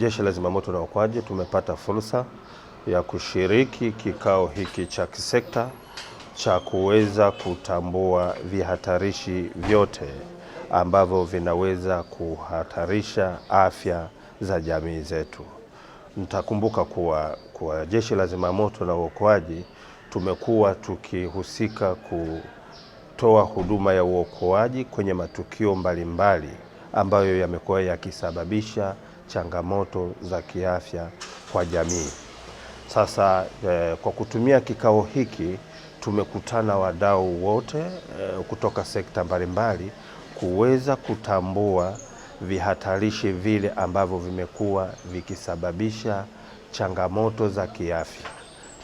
Jeshi la Zimamoto na Uokoaji tumepata fursa ya kushiriki kikao hiki cha kisekta cha kuweza kutambua vihatarishi vyote ambavyo vinaweza kuhatarisha afya za jamii zetu. Mtakumbuka kuwa, kwa Jeshi la Zimamoto na Uokoaji tumekuwa tukihusika kutoa huduma ya uokoaji kwenye matukio mbalimbali mbali ambayo yamekuwa yakisababisha changamoto za kiafya kwa jamii. Sasa eh, kwa kutumia kikao hiki tumekutana wadau wote eh, kutoka sekta mbalimbali kuweza kutambua vihatarishi vile ambavyo vimekuwa vikisababisha changamoto za kiafya,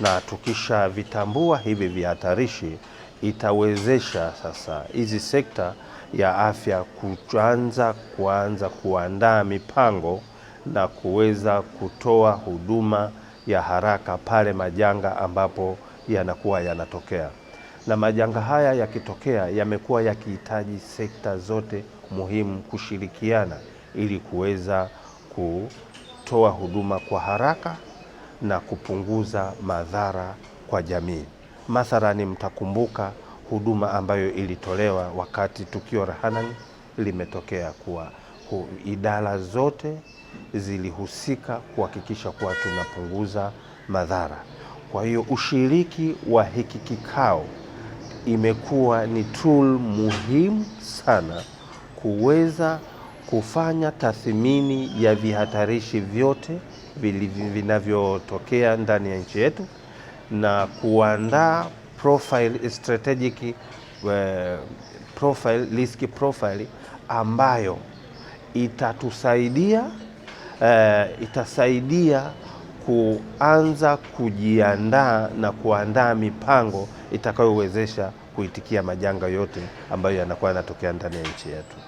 na tukishavitambua hivi vihatarishi itawezesha sasa hizi sekta ya afya kuanza kuanza kuandaa mipango na kuweza kutoa huduma ya haraka pale majanga ambapo yanakuwa yanatokea. Na majanga haya yakitokea, yamekuwa yakihitaji sekta zote muhimu kushirikiana ili kuweza kutoa huduma kwa haraka na kupunguza madhara kwa jamii. Mathalani, mtakumbuka huduma ambayo ilitolewa wakati tukio la Hanang limetokea, kuwa idara zote zilihusika kuhakikisha kuwa tunapunguza madhara. Kwa hiyo ushiriki wa hiki kikao imekuwa ni tool muhimu sana kuweza kufanya tathmini ya vihatarishi vyote vinavyotokea ndani ya nchi yetu na kuandaa profile strategic eh, profile, risk profile ambayo itatusaidia uh, itasaidia kuanza kujiandaa na kuandaa mipango itakayowezesha kuitikia majanga yote ambayo yanakuwa yanatokea ndani ya nchi yetu.